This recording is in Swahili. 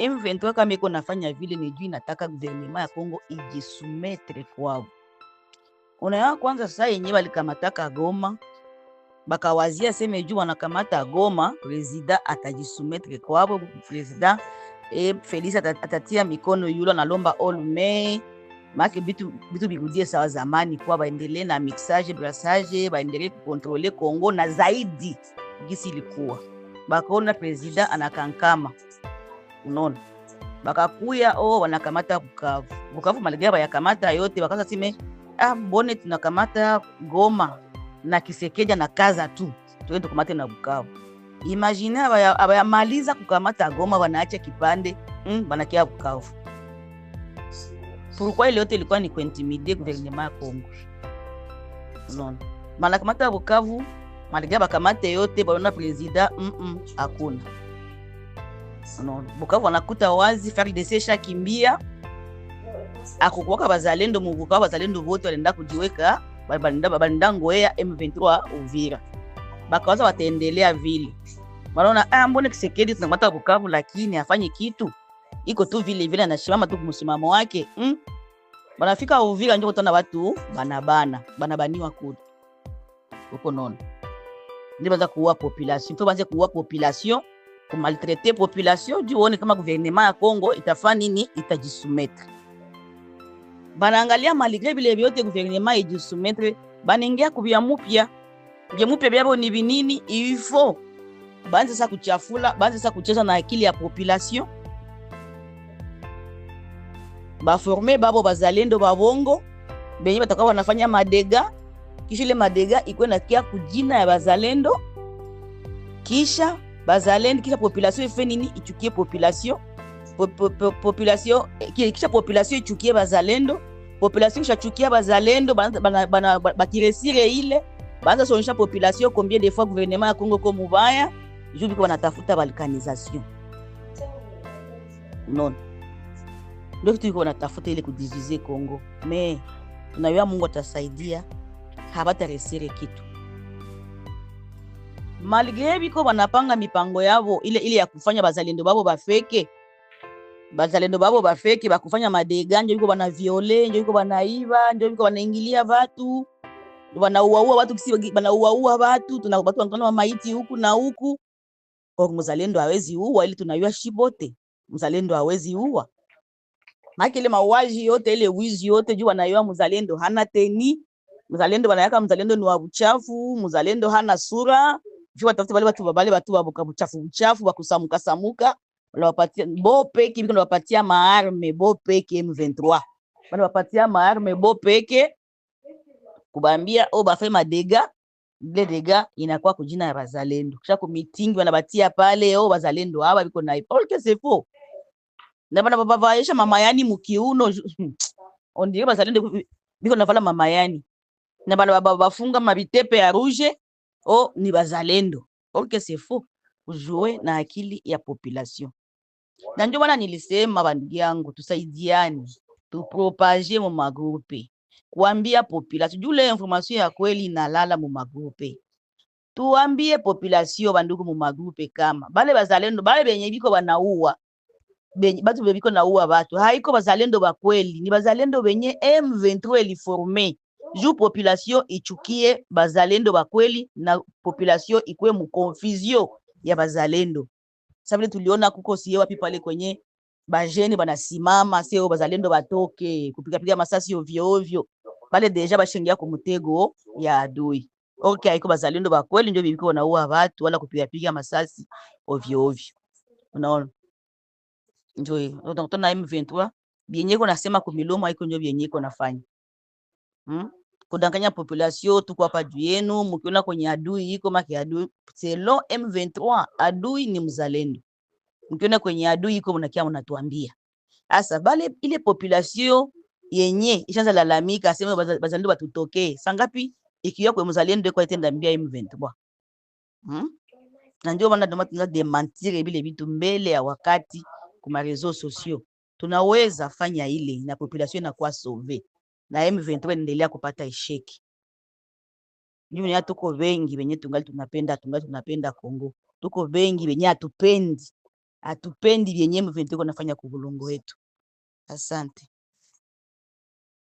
M23 kama iko nafanya vile, ni juu nataka gouvernement ya Kongo ijisumetre kwao. Unaona, kwanza sasa yenyewe walikamataka Goma bakawazia seme juu wanakamata Goma, president atajisumetre kwao, President e, eh, Felix atatia mikono yule na lomba all may make bitu bitu birudie sawa zamani, kwa baendelee na mixage brassage, baendelee kukontrole Kongo na zaidi gisi ilikuwa. Bakaona president anakankama unaona bakakuya oh, wanakamata Bukavu. Bukavu maligara bayakamata yote, wakaza sime ah, mbone tunakamata Goma na Kisekeja na kaza tu tuende tukamate na Bukavu. Imagine abayamaliza kukamata Goma, wanaacha kipande mm, wanakia Bukavu. Pourquoi ile yote ilikuwa ni kuintimide gouvernement ya Kongo, unaona manakamata Bukavu maligara bakamate yote, baona presida mm -mm, akuna Bukavu anakuta wazi FARDC ishakimbia, akukuwaka bazalendo mu Bukavu, bazalendo vote walienda kujiweka balenda ngoea M23 Uvira, bakawaza wataendelea vile. Wanaona ah, Kisekedi tunamata Bukavu lakini afanye kitu, iko tu vile vile, anashimama tu kumsimamo wake mm? Banafika Uvira ndio kutana watu banabana banabaniwa kule uko nono, ndio banza kuua population, banze kuua population kumaltrete population juu uone kama gouvernement ya Congo itafanya nini, itajisumetre. Banaangalia maligre bile vyote gouvernement ijisumetre, banaingia kubya mupya vya mupya vyabo ni vinini ifo banze sa kuchafula, banze sa kucheza na akili ya population, baforme babo bazalendo babongo benye batakuwa wanafanya madega, kisha ile madega ikuwe nakia kujina ya bazalendo kisha bazalendo kisha population ife nini ichukie population population kisha population ichukie bazalendo population kishachukia bazalendo bakiresire ile baanza sonisha population combien de fois gouvernement ya congo ko mubaya juu biko banatafuta balkanisation non ndio kitu iko wanatafuta ile kudivize congo me tunayoa Mungu atasaidia habataresire kitu malgre biko banapanga mipango yabo ile ile ya kufanya bazalendo babo bafeke bazalendo babo bafeke bakufanya madega, njo biko bana viole, njo biko banaiba, njo biko banaingilia batu, banauaua batu, kisi banauaua batu, tuna batu wanakana maiti huku na huku. Or mzalendo hawezi uwa, ili tunayua shibote, mzalendo hawezi uwa makile ile mauaji yote ile wizi yote juu wanayua mzalendo hana teni, mzalendo wanayaka mzalendo ni wa uchafu, mzalendo hana sura fika tafute wale watu wale watu wa boka mchafu mchafu wa kusamuka samuka, wale wapatia bo peke biko, wapatia maarme bo peke M23 wale wapatia maarme bo peke kubambia o oh, bafe madega ile dega inakuwa kujina ya bazalendo kisha ku meeting wanabatia pale o oh, bazalendo haba biko na all ke sefo na bana baba vaisha mama yani mukiuno ondio oh, bazalendo biko navala mama yani na bana baba bafunga mabitepe ya rouge o ni bazalendo orke sefo kujue na akili ya population. Na ndio maana nilisema bandugu yangu, tusaidiane tupropage mu magrupe, kuambia population jule information ya kweli inalala mu magrupe. Tuambie population bandugu mu magrupe, kama bale bazalendo bale benye biko banauwa benye batu bebiko nauwa batu haiko bazalendo ba kweli, ni bazalendo benye M23 eliforme juu population ichukie bazalendo bakweli na population ikwe mukonfizio ya bazalendo. Sabile tuliona kuko sie wapi pale kwenye bajeni banasimama sio bazalendo batoke kupigapiga masasi ovyo ovyo pale deja bashengia ku mutego ya adui. Okay, haiko bazalendo ba kweli ndio bibiko wanaua watu wala kupigapiga masasi ovyo ovyo. Unaona? Ndio ndio na M23 bienyeko nasema kumilomo haiko ndio bienyeko nafanya. Hmm? kudanganya population, tuko hapa juu yenu, mkiona kwenye adui iko maki adui selon M23, adui ni mzalendo. Mkiona kwenye adui iko mnakia mnatuambia. Asa bale ile population yenye ishaanza lalamika, asema bazalendo batutoke. Sangapi ikiwa kwa mzalendo kwa itenda mbia M23. Hmm? Na ndio maana tunataka demantire bile vitu mbele ya wakati kwa réseaux sociaux. Tunaweza fanya ile na population inakuwa sauve na M23 endelea kupata isheki. ni tuko bengi benye tungali tunapenda tungali tunapenda Kongo, tuko bengi benye hatupendi atupendi benye M23 nafanya kubulongo wetu. Asante.